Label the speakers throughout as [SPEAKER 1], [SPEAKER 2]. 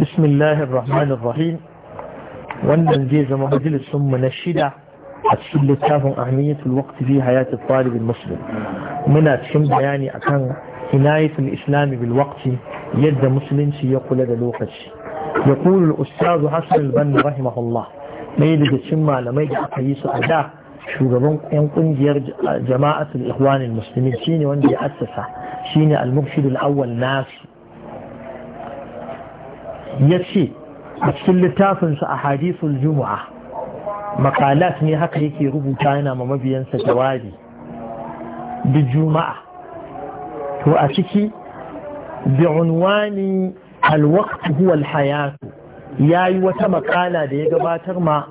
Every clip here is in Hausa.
[SPEAKER 1] بسم الله الرحمن الرحيم وانا جيزة مهدل ثم نشدة السلة تافن أهمية الوقت في حياة الطالب المسلم منا تشم بياني أكان هناية الإسلام بالوقت يد مسلم سيقول لدى لوقت يقول الأستاذ حسن البن رحمه الله ميد تشم على ميد حقيس أداء شغلون ينقن جماعة الإخوان المسلمين شيني وانجي أسسة شيني المرشد الأول ناس ya ce a cikin littafinsa a hadisun juma'a makalat ne haka yake rubuta yana ma mabiyansa jawabi da juma'a to a ciki bi unwani alwaqtu huwa alhayatu yayi wata makala da ya gabatar ma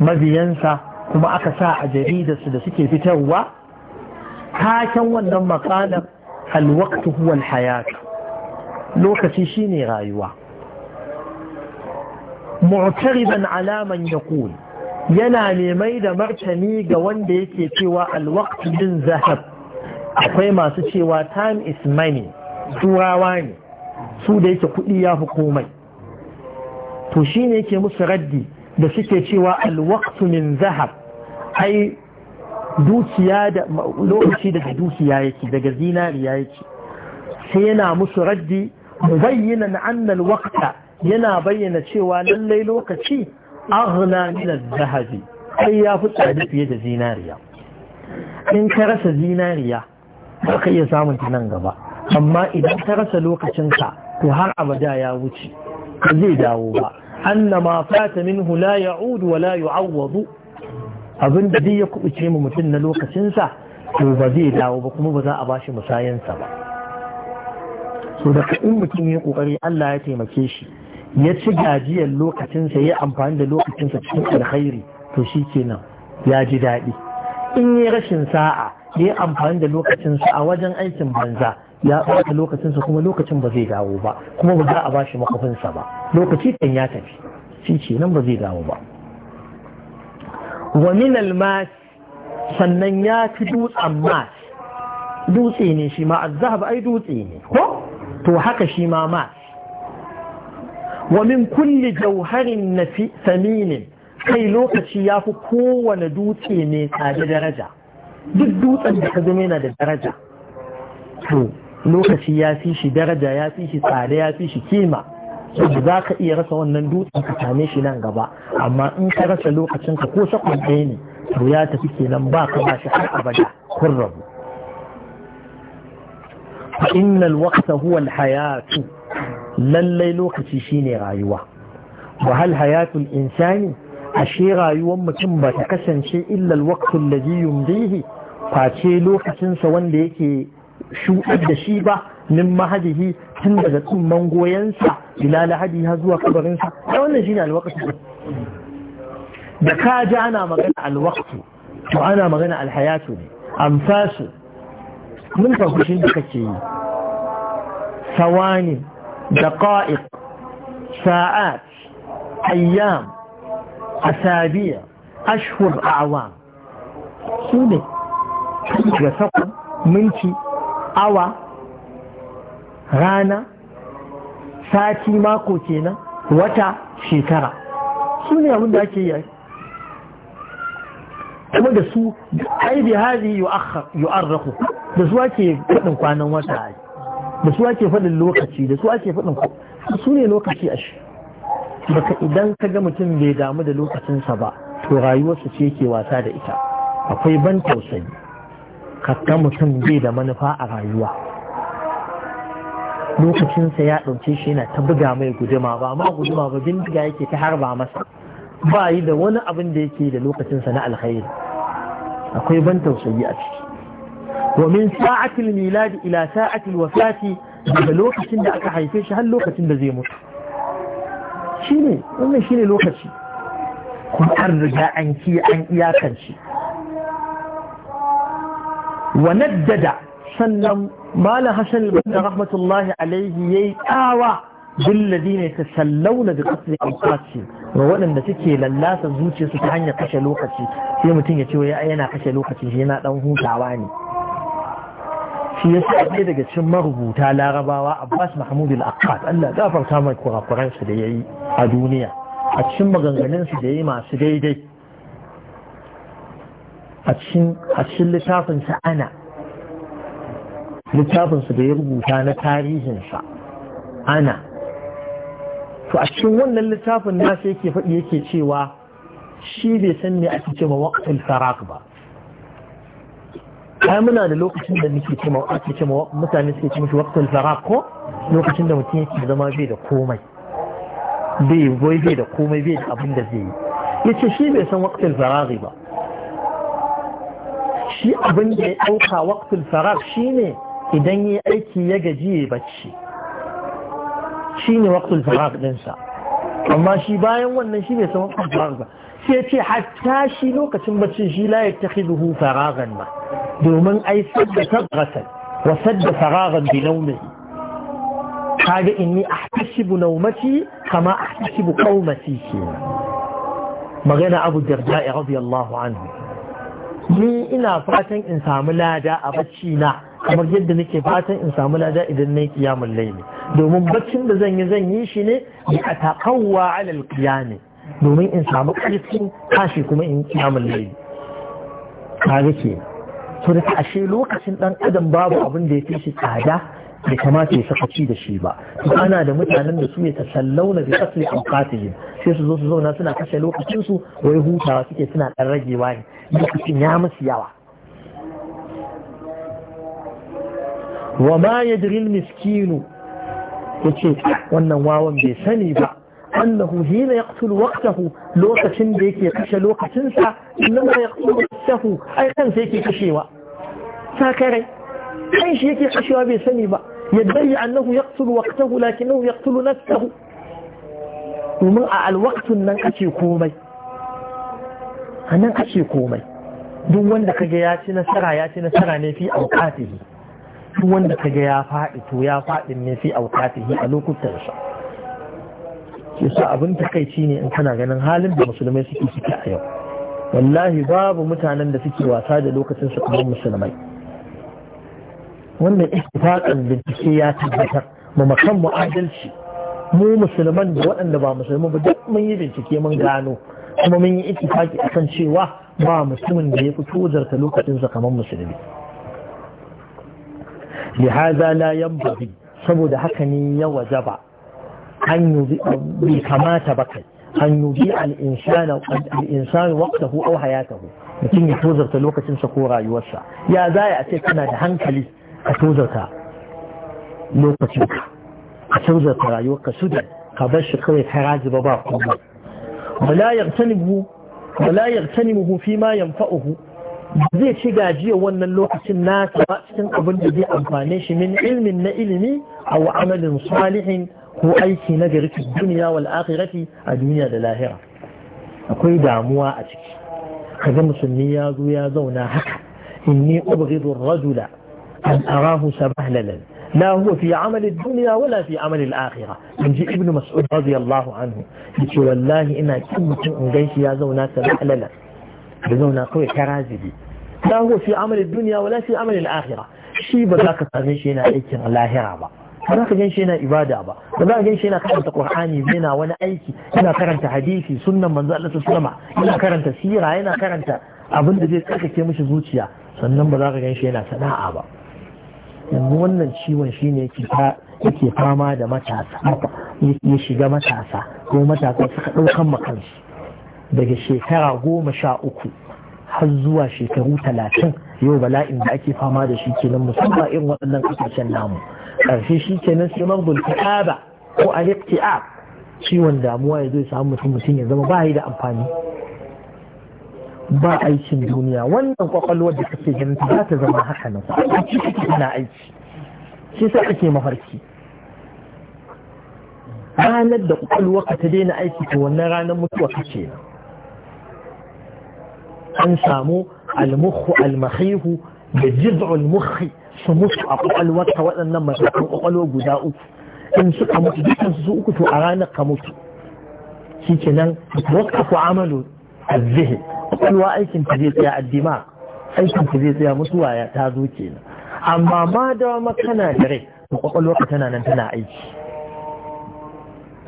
[SPEAKER 1] mabiyansa kuma aka sa a jaridarsu da suke fitarwa taken wannan makalar alwaqtu huwa alhayatu lokaci shine rayuwa mu'tariban alaman yaqul yana nemai da martani ga wanda yake cewa alwaqt bin zahab akwai masu cewa time is money turawa ne su da yake kuɗi ya fi komai to shine yake musu raddi da suke cewa alwaqt min zahab ai dukiya da lokaci daga dukiya yake daga zinariya yake sai yana musu raddi bayyana annal waqta yana bayyana cewa lallai lokaci aghna min az-zahabi sai ya fi tsada fiye da zinariya in ka rasa zinariya ba ka iya samun ta nan gaba amma idan ka rasa ka to har abada ya wuce ka zai dawo ba annama fata minhu la ya'ud wa la yu'awwadu abin da ya kubuce mu mutum na lokacinsa to ba zai dawo ba kuma ba za a bashi musayansa ba so da in mutum ya kokari Allah ya taimake shi ya ci gajiyar lokacinsa ya amfani da lokacinsa cikin alkhairi to shi kenan ya ji daɗi in yi rashin sa'a ya amfani da lokacinsa a wajen aikin banza ya ɓata lokacinsa kuma lokacin ba zai dawo ba kuma ba za a ba shi makafinsa ba lokaci kan ya tafi shi kenan ba zai dawo ba Wani min sannan ya fi dutsen mas dutse ne shi ma ba ai dutse ne ko to haka shi ma mas wa kulle kulli jauharin nafi saminin kai lokaci ya fi kowane dutse ne tsada daraja duk dutsen da ka zama yana da daraja to lokaci ya fi shi daraja ya fi shi tsada ya fi shi kima saboda za ka iya rasa wannan dutsen ka same shi nan gaba amma in ka rasa lokacin ka ko sakon ɗaya ne to ya tafi kenan ba ka ba shi har abada kun rabu fa innal waqta huwa al hayatu lallai lokaci shine rayuwa Ba hal hayatul insani ashe rayuwar mutum ba ta kasance illal waqtul ladhi yumdihi face lokacinsa wanda yake shuɗar da shi ba min mahadihi tun daga tun mangoyansa? ila lahadi har zuwa kabarinsa ta wannan shine alwaqtu da ka ji ana magana alwaqtu to ana magana alhayatu ne amfasu mun farkushin da kake yi sawani دقائق ساعات أيام أسابيع أشهر أعوام سوني وسقم منتي أوى رانا sati mako kenan wata shekara su abin da ake yi kuma da su ai bi hadi yu'arraku da su ake faɗin kwanan wata ai da su ake faɗin lokaci da su ake faɗin su ne lokaci a shi baka idan ka ga mutum bai damu da lokacinsa ba to rayuwarsa ce ke wasa da ita akwai ban tausayi kakka mutum bai da manufa a rayuwa lokacinsa ya ɗauke shi yana ta buga mai guduma ba ma guduma ba bindiga yake ta harba masa ba yi da wani abin da yake da lokacinsa na alkhairi akwai ban tausayi a ciki wa min sa'atil miladi ila sa'atil wafati daga lokacin da aka haife shi har lokacin da zai mutu shine wannan shine lokaci kuma an riga an an iyakance wa naddada sannan malam Hassan al rahmatullahi alaihi yayi tsawa bil ladina yatasallawna bi qasri awqati wa wadanda suke lallasa zuciyarsu ta hanyar kashe lokaci sai mutum ya ce wai yana kashe lokaci shi yana ɗan hutawa ne shi ya sa ɗaya daga cikin marubuta larabawa abbas mahmud al-akkad allah gafarta mai kurakuransu da ya yi a duniya a cikin maganganunsu da ya masu daidai a cikin littafinsa ana littafinsa da ya rubuta na tarihinsa ana to a cikin wannan littafin nasa yake faɗi yake cewa shi bai san me ake ce ma waqtul faraq ba ai muna da lokacin da nake ce mawa ake ce mawa mutane suke ce mishi waqtul faraq ko lokacin da mutum yake zama bai da komai bai bai bai da komai bai da abin da zai yi yace shi bai san waqtul faraq ba shi abin da ya dauka waqtul faraq shine idan yi aiki ya gaji ya bacci shine waqtul faraq din sa amma shi bayan wannan shi ne saman kansa sai ce hatta shi lokacin baccin shi la yattakhidhu faragan ba domin ai sadda tabratan wa sadda faragan bi nawmihi kaga inni ahtashibu nawmati kama ahtashibu qaumati kenan magana Abu Darda radiyallahu anhu ni ina fatan in samu lada a bacci na kamar yadda nake fatan in samu lada idan yi kiyamul layli domin baccin da zan yi zan yi shi ne bi a taƙawwa alal domin in samu ƙarfin tashi kuma in kiyamun layi kaga ke to da ashe lokacin ɗan adam babu abin da ya fi shi tsada bai kamata ya ci da shi ba ana da mutanen da su ya tasallauna bi kasli awqatihim sai su zo su zauna suna kashe lokacin su wai hutawa suke suna ɗan ragewa ne lokacin ya musu yawa wa ma yadri miskinu yace wannan wawan bai sani ba annahu hina yaqtul waqtahu lokacin da yake kashe lokacin sa inma yaqtul waqtahu ai kan sai yake kashewa sakare kan shi yake kashewa bai sani ba yadai annahu yaqtul waqtahu lakinnahu yaqtul nafsahu domin a alwaqtun nan kace komai anan kace komai duk wanda kage ya ci nasara ya ci nasara ne fi alqatihi duk wanda ga ya faɗi to ya faɗi ne fi aukatihi a lokutan sa ke sa abin takaici ne in kana ganin halin da musulmai suke ciki a yau wallahi babu mutanen da suke wasa da lokacin su kamar musulmai wannan istifaqan bincike ya tabbatar mu makan mu adalci mu musulman da waɗanda ba musulmai ba duk mun yi bincike mun gano kuma mun yi ittifaki akan cewa ba mutumin da ya fito zarta lokacin sa kamar musulmi lihaza la yanbaghi saboda haka ne ya wajaba an yubi bai kamata ba kai an yubi al-insana al-insanu waqtahu aw hayatahu mutum ya tozarta lokacinsa ko rayuwarsa ya zaya a ce kana da hankali ka tozarta lokacinka ka tozarta rayuwarka su da ka bar shi kawai ka rajiba ba kuma wala yagtanibu wala yagtanibu fi ma yanfa'uhu zai ci gajiya wannan lokacin na ba cikin abin da zai amfane shi min ilmin na ilimi a amalin salihin ko aiki na gari fi duniya wal akhirati a duniya da lahira akwai damuwa a ciki kaga musulmi ya zo ya zauna haka inni ubghidu ar-rajula an arahu sabahlalan لا هو في عمل الدنيا ولا mas'ud عمل الآخرة من جي ابن مسعود رضي الله عنه يقول والله إنا كم تنقيش يا زونا سبحللا بزونا kawai كرازدي la huwa fi amalin duniya wala fi amalin akhira shi ba za ka same shi yana aikin lahira ba ba za ka gan shi yana ibada ba ba za ka gan shi yana karanta qur'ani ba yana wani aiki yana karanta hadisi sunnan manzo Allah sallama yana karanta sira yana karanta abin da zai tsakake mishi zuciya sannan ba za ka gan shi yana sana'a ba yanzu wannan ciwon shine yake yake fama da matasa ya shiga matasa ko matasa suka ɗaukan makansu daga shekara goma sha uku har zuwa shekaru talatin yau bala'in da ake fama da shi kenan musamman irin waɗannan ƙasashen namu ƙarshe shi kenan sai marbul ta'aba ko al-iqtiab ciwon damuwa ya zai samu mutum mutum ya zama ba yi da amfani ba aikin duniya wannan kwakwalwar da kake ganin za ta zama haka nan aiki kake tana aiki shi sa ake mafarki ranar da kwakwalwar ka ta daina aiki to wannan ranar mutuwa kake nan an samu almuhu almahihu da jiz'ul muhi su mutu a kwakwalwarka waɗannan matakan kwakwalwa guda uku in ka mutu dukkan su uku to a ranar ka mutu shi ke nan wakafu amalu azzihi kwakwalwa aikin ta zai tsaya addima aikin ta zai tsaya mutuwa ya ta zo kenan amma ma da makana da rai kwakwalwarka tana nan tana aiki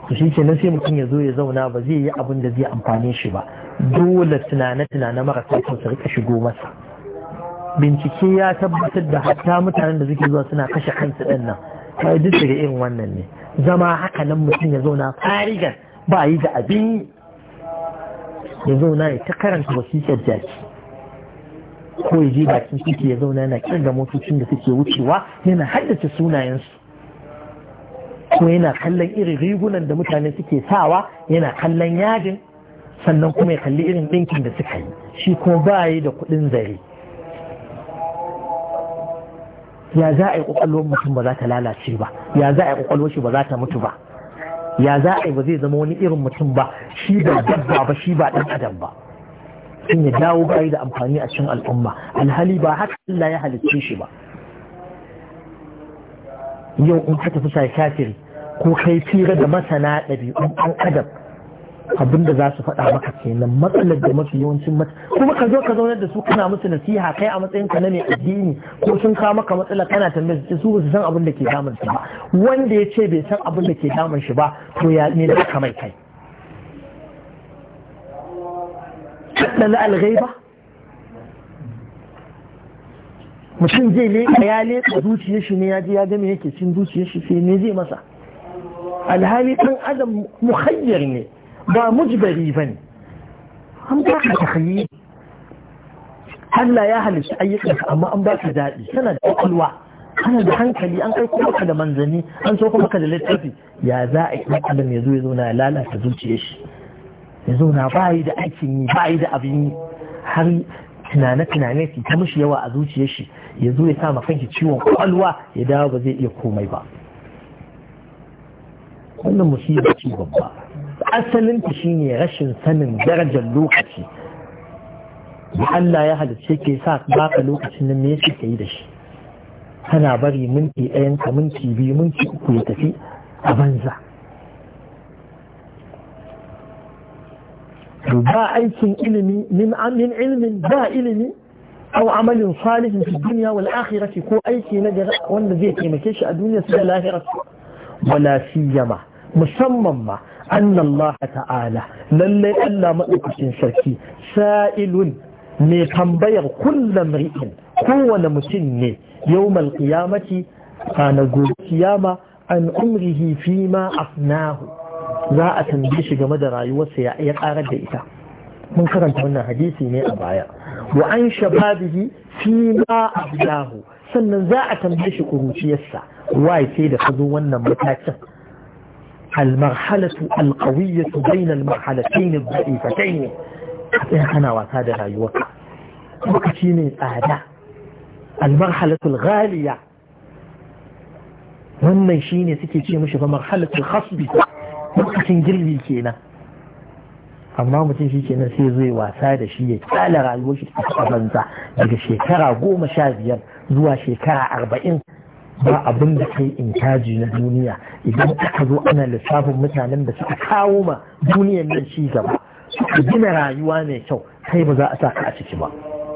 [SPEAKER 1] to shi ke sai mutum ya zo ya zauna ba zai yi abin da zai amfane shi ba dole tunane-tunane marasa kyau su rika shigo masa bincike ya tabbatar da hatta mutanen da suke zuwa suna kashe kansu ɗin nan kai duk daga irin wannan ne zama haka nan mutum ya zauna farigar. ba yi da abin ya zauna ya ta karanta wasiƙar jaki ko ya je bakin titi ya zauna yana kirga motocin da suke wucewa yana haddace sunayensu kuma yana kallon irin rigunan da mutane suke sawa yana kallon yajin sannan kuma ya kalli irin ɗinkin da suka yi shi kuma ba yi da kuɗin zare ya za a yi ƙwaƙwalwar mutum ba za ta lalace ba ya za a yi ƙwaƙwalwar shi ba za ta mutu ba ya za a yi ba zai zama wani irin mutum ba shi ba dabba ba shi ba ɗan adam ba sun ya dawo bayi da amfani a cikin al'umma alhali ba haka Allah ya halicce shi ba yau in ka tafi psychiatry ko kai fira da masana ɗabi'un ɗan adam abin da za su faɗa maka kenan matsalar da mafi yawancin mata kuma ka zo ka zaunar da su kana musu nasiha kai a matsayin ka na mai addini ko sun kawo maka matsala kana tambayar su su san abin da ke damun su ba wanda ya ce bai san abin da ke damun shi ba to ya ne da ka mai kai kaɗan alghaiba mutum zai a ya leƙa zuciyar shi ne ya ji ya gami yake cin zuciyar shi sai ne zai masa
[SPEAKER 2] alhali ɗan
[SPEAKER 1] adam muhayyar ne ba mujibari ba ne an ba ka hanyi Allah ya halitta ka amma an ba ka daɗi tana da ƙwaƙwalwa ana da hankali an kai maka da manzanni an so kuma da littafi ya za a yi adam ya zo ya zauna ya lalata zuciyar shi ya zauna ba yi da aikin yi ba yi da abin yi har tunane-tunane su ta mishi yawa a zuciyar shi ya zo ya sa ma kanki ciwon kwalwa ya dawo ba zai iya komai ba wannan musibar ce babba asalin ta shine rashin sanin darajar lokaci da Allah ya halice ke sa baka lokacin nan me yake yi da shi kana bari minti ɗayan ka minti biyu minti uku ya tafi a banza ba aikin ilimi min amin ilmin ba ilimi aw amalin salihin fi dunya wal akhirati ko aiki na gari wanda zai taimake shi a duniya da lahira wala siyama musamman ma anna Allah ta'ala lalle Allah madaukakin sarki sa'ilun mai tambayar kullum ri'in kowane mutum ne yawmal qiyamati ana gobe kiyama an umrihi fi ma afnahu za a tambaye shi game da rayuwarsa ya karar da ita mun karanta wannan hadisi ne a baya wa an shababihi fi ma abdahu sannan za a tambaye shi kuruciyarsa wai sai da ka wannan matakin المرحلة القوية بين المرحلتين الضعيفتين أنا وسادة رأيوك وكتيني الآداء المرحلة ghaliya. wannan shine suke ce mishi fa marhalatul khasbi lokacin girbi kenan amma mutum shi kenan sai zai wasa da shi ya kyala rayuwar shi a banza daga shekara goma sha biyar zuwa shekara arba'in ba abin da kai taji na duniya idan aka zo ana lissafin mutanen da suka kawo ma duniyan nan ci gaba suka gina rayuwa mai kyau kai ba za a sa ka a ciki ba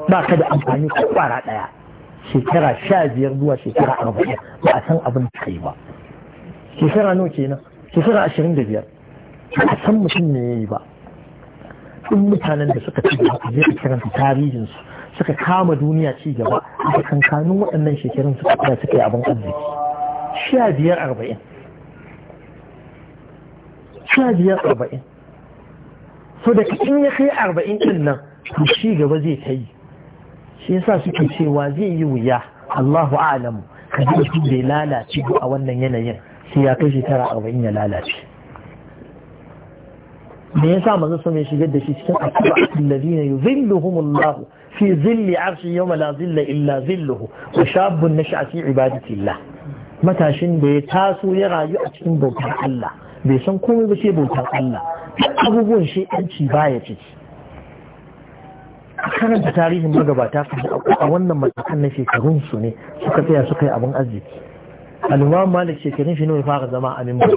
[SPEAKER 1] ba ka da amfani ko kwara daya shekara sha biyar zuwa shekara arba'in ba a san abin da kai ba shekara nawa kenan shekara ashirin da biyar a san mutum ne ya yi ba in mutanen da suka ci gaba zai ka kiransu tarihinsu suka kama duniya ci gaba a kankanin waɗannan shekarun suka kira suka yi abin arziki sha biyar arba'in sha biyar arba'in so da in ya kai arba'in ɗin nan to ci gaba zai ta yi shi yasa suke cewa zai yi wuya Allahu a'lamu ka ji da bai lalace a wannan yanayin sai ya kai shekara bain ya lalace me ya sa mazu sun shiga da shi cikin akwai allazi ne zilluhumullahu fi zilli arshi yau mala zilla illa zilluhu wa shabbun na sha'afi ibadatillah matashin da ya taso ya rayu a cikin bautar Allah bai san komai ba sai bautar Allah abubuwan shi baya ciki karanta tarihin magabata a wannan matakan na shekarun su ne suka tsaya suka yi abin arziki al'uwa malik shekarun shi ne fara zama a mimbar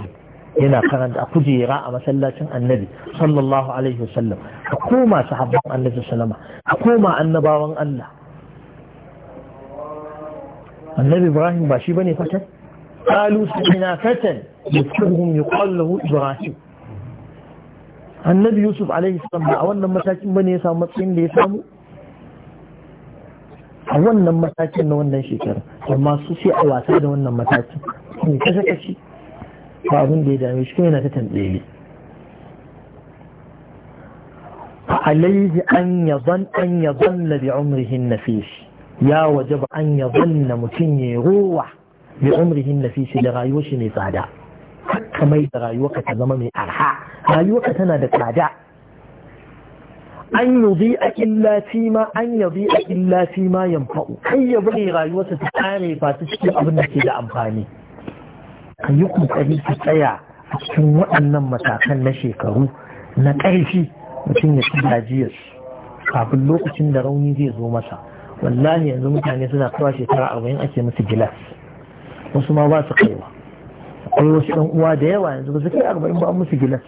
[SPEAKER 1] yana karanta a kujera a masallacin annabi sallallahu alaihi wasallam a koma sahabban annabi sallama a koma annabawan Allah annabi ibrahim ba shi bane fatan qalu sami'na fatan yadhkuruhum yuqal lahu ibrahim annabi yusuf alaihi salam ba a wannan matakin bane ya samu matsayin da ya samu a wannan matakin na wannan shekara amma su sai a wasa da wannan matakin ne ta saka shi ba abin da ya dame shi kuma yana ta tambaye fa alayhi an yazan an yazan bi umrihi nafis ya wajaba an yazan mutum ya ruwa bi umrihi nafis da rayuwar shi mai tsada kamar da rayuwarka ta zama mai arha rayuwarka tana da tsada an bi a illa ma an yabi a kai ya bari rayuwarsa ta kare ba ta cikin abin da ke da amfani ka yi kokari ka tsaya a cikin waɗannan matakan na shekaru na ƙarfi mutum ya ci gajiyarsu kafin lokacin da rauni zai zo masa wallahi yanzu mutane suna kawa shekara arba'in ake musu gilas wasu ma ba su kaiwa akwai wasu ɗan uwa da yawa yanzu ba su kai arba'in ba musu gilas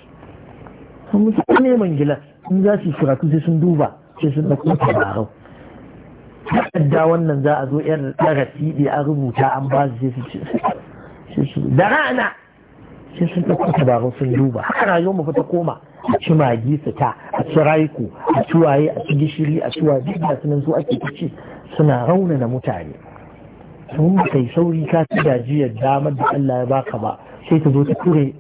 [SPEAKER 1] sun mutu ta neman gila in za su yi karatu sai sun duba sai sun ɗauko tabarau da wannan za a zo 'yar darasi da a rubuta an ba su sai su da rana sai sun ɗauko tabarau sun duba haka rayuwar mu ta koma a ci magi su ta a ci raiku a ci waye a ci gishiri a ci waye duk da sunan su ake ci suna raunana mutane sun ba kai sauri ka ci gajiyar damar da Allah ya baka ba sai ta zo ta kure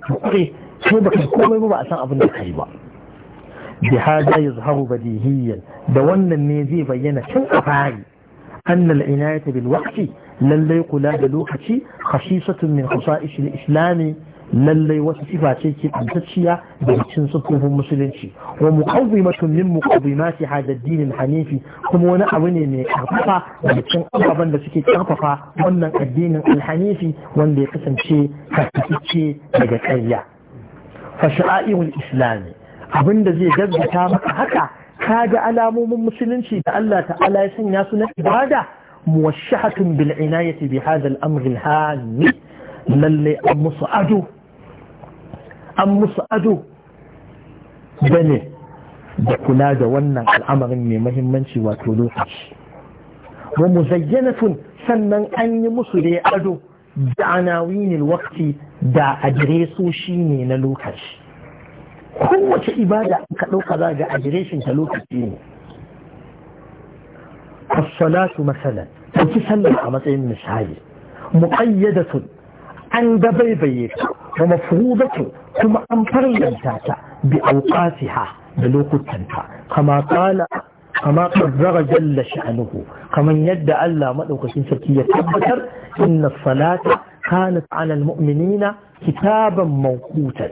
[SPEAKER 1] sai baka komai ba a san abin da kai ba bi hada yuzharu badihiyan da wannan ne zai bayyana tun a fari anna al inayatu bil waqti lallai kula da lokaci khashisatun min khasa'ish al islam lallai wasu sifa ce ke tantacciya da cikin sufufin musulunci wa muqawwimatun min muqawwimati hada din al hanifi kuma wani abu ne mai karfafa da cikin abubuwan suke karfafa wannan addinin alhanifi wanda ya kasance kafice daga ƙarya فشعائر الإسلام أبن ذي جذب تابك حكا كاد على موم المسلم شيء ألا تعالى يسن ياسنا إبادة موشحة بالعناية بهذا الأمر الهام للي المصعد المصعد بني بكنا دونا الأمر من مهم من شوى تلوحش ومزينة سنن أن مصري أدو بعناوين الوقت da adiresoshi ne na lokaci kowace ibada ka ɗauka za ga adireshin ta lokaci ne as-salatu masalan ɗauki sallar a matsayin misali muqayyadatun an dabaibaye ta wa kuma an farlanta ta bi awqatiha da lokutanta kama kala kama qaddara jalla sha'nuhu kaman yadda Allah madaukakin sarki ya tabbatar inna salata كانت على المؤمنين كتابا موقوتا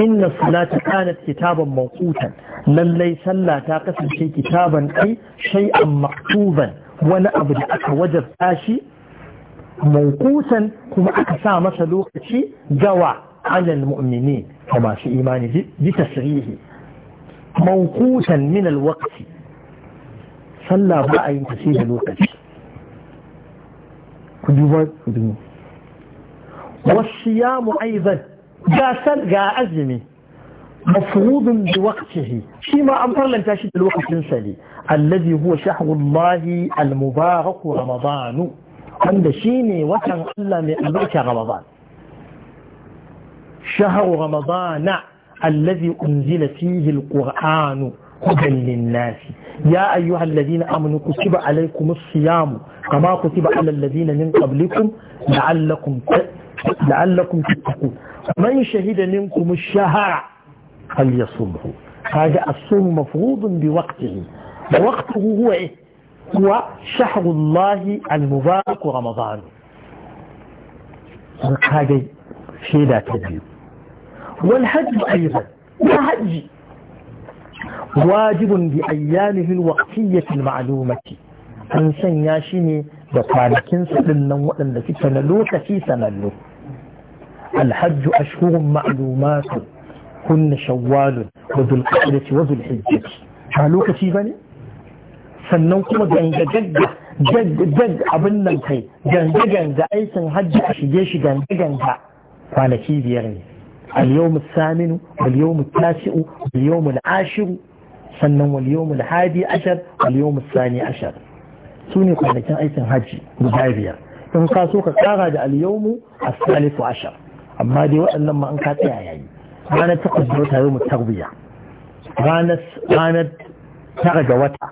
[SPEAKER 1] إن الصلاة كانت كتابا موقوتا للي سلا تاقسم شيء كتابا أي شيئا مكتوبا ولا أبدا أكوجب آشي موقوتا كما أكسا مثل شيء جوى على المؤمنين كما في إيمان بتسريه موقوتا من الوقت صلى بقى ينتسيه الوقت كدوبات كدوبات والصيام أيضا سل جاء أزمي مفروض بوقته فيما أمر لن تشد الوقت سلي الذي هو شهر الله المبارك رمضان عند شيني وكان الله من رمضان شهر رمضان الذي أنزل فيه القرآن هدى للناس يا أيها الذين آمنوا كتب عليكم الصيام كما كتب على الذين من قبلكم لعلكم تأتون لعلكم تتقون من شهد منكم الشهر فليصمه هذا الصوم مفروض بوقته ووقته هو إيه؟ هو شهر الله المبارك رمضان هذا شيء لا تبيه والحج أيضا الحج واجب بأيامه الوقتية المعلومة أنسان ياشيني بطالكين kwanakin su ɗin في waɗanda الحج أشهر معلومات كن شوال وذو القعدة وذو الحجة قالوا كتيباني سنو كما جنجا جنجا جنجا جنجا أبنى الخي جنجا جنجا أي سنحج أشجيش جنجا جنجا فعلى كيف يغني اليوم الثامن واليوم التاسع واليوم العاشر سنو اليوم الحادي عشر واليوم الثاني عشر سوني قال لك أي سنحج مجايبيا ينقاسوك قاعد اليوم الثالث عشر amma dai waɗannan ma an ka tsaya yayi ranar takwas da wata yau mu tarbiya ranar tara ga wata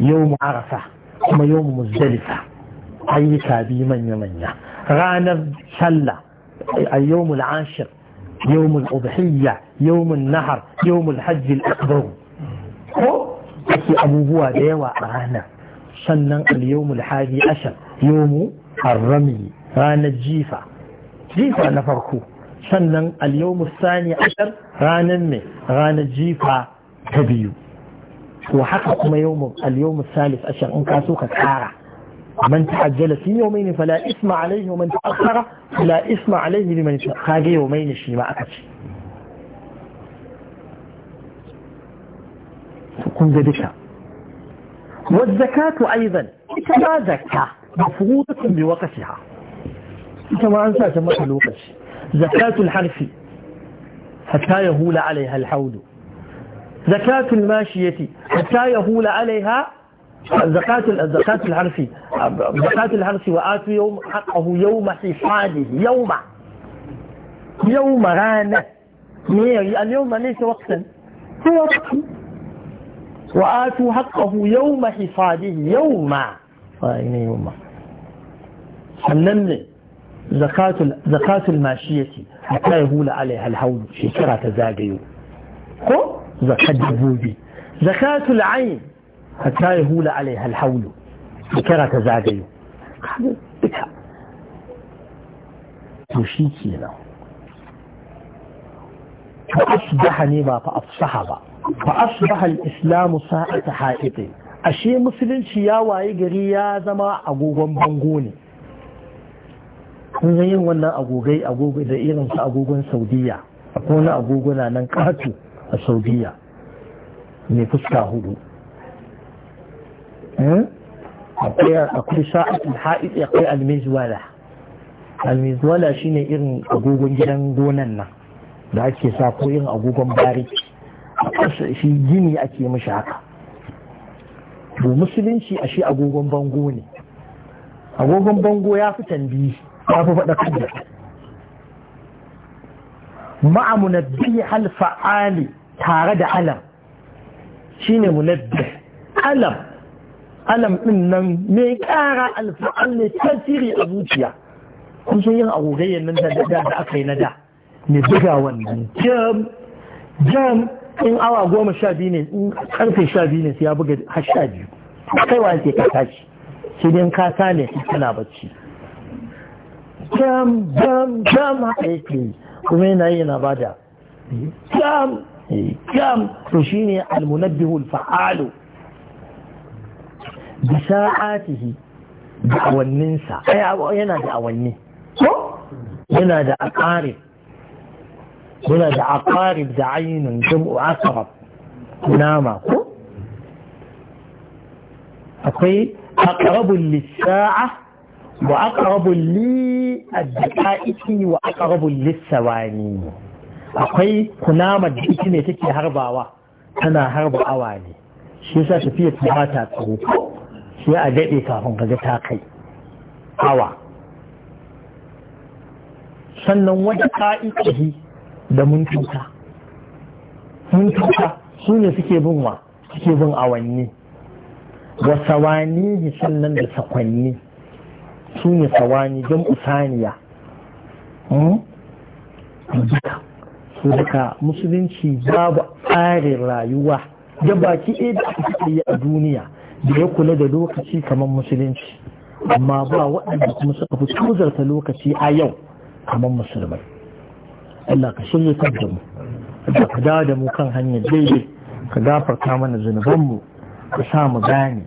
[SPEAKER 1] yau mu arafa kuma yau mu muzdalifa ayyuka biyu manya-manya ranar sallah a yau mu la'ashir yau mu al'ubhiyya yau mu nahar yau mu alhajji al'akbaru ko ake abubuwa da yawa a ranar sannan al yau mu alhaji ashar yau mu harrami ranar jifa jifa na farko sannan al sani ashar ranan ne ranar jifa ta biyu to haka kuma yawmu al salis ashar in ka so ka kara man ta'ajjala fi yawmayn fala isma alayhi wa man ta'akhkhara fala isma alayhi liman ta'akhkhara yawmayn shi ma aka ce kun ga duka والزكاة أيضا إتما زكاة مفروضة بوقتها كما أنسى سمعه الوقش زكاة الحرف حتى يهول عليها الحول زكاة الماشية حتى يهول عليها زكاة الزكاة الحنف زكاة الحنف وآت يوم حقه يوم حصاده يوم يوم غانة اليوم ليس وقتا هو وقت وآت حقه يوم حصاده يوم يوم النمل zakatul mashiyati hatta ya hula alaiha alhaulu shekara ta zagayo ko zakat dabbobi zakatul ayn hatta ya hula alaiha alhaulu shekara ta zagayo ita to shi kenan su asbaha ne ba fa afsaha ba fa asbaha al-islamu sa'ata ha'iqi ashe musulunci ya waye gari ya zama agogon bango ne kun ga yin wannan agogai agogai da irin su agogon saudiya akwai wani agoguna nan katu a saudiya mai fuska hudu hmm? akwai sa'atul ha'id akwai almizwala shi shine irin agogon gidan gonan nan da ake sa ko yin agogon bariki shi gini ake mashi haka to musulunci a shi agogon bango ne agogon bango ya fi tambihi ta fi faɗa kan ma'a munabbi alfa'ali tare da alam shine munabbi alam alam ɗin nan mai ƙara alfa'al ne tasiri a zuciya kun sun yin agogayen nan da aka yi na da mai buga wannan jam jam in awa goma sha biyu ne in karfe sha biyu ne sai ya buga har sha biyu kai wa ke ka tashi sai dai ka sale kana bacci jam jam jam haka yake kuma yana yi na bada jam jam to shine almunabbihu alfa'alu bi sa'atihi da awanninsa yana da awanni yana da aqarib yana da aqarib da ainun jam'u aqrab nama ko akwai aqrabul lis-sa'a wa aqrabu li ad-daqa'iqi wa aqrabu lis-sawani akwai kunama da ita ne take harbawa tana harba awa ne shi yasa tafiyar ta mata ta tsaro sai a daɗe kafin kaga ta kai awa sannan wata ka'iƙihi da mun muntuta su ne suke bin suke bin awanni wa sawani sannan da sakwanni su ne sawani don usaniya
[SPEAKER 2] hmm? su duka
[SPEAKER 1] musulunci babu tsarin rayuwa da baki ɗaya da aka yi a duniya da ya kula da lokaci kamar musulunci amma ba waɗanda kuma suka fi tuzarta lokaci a yau kamar musulmai Allah ka shirya kan da mu da ka dawo da mu kan hanyar daidai ka gafarta mana zunubanmu ka
[SPEAKER 2] sa mu gane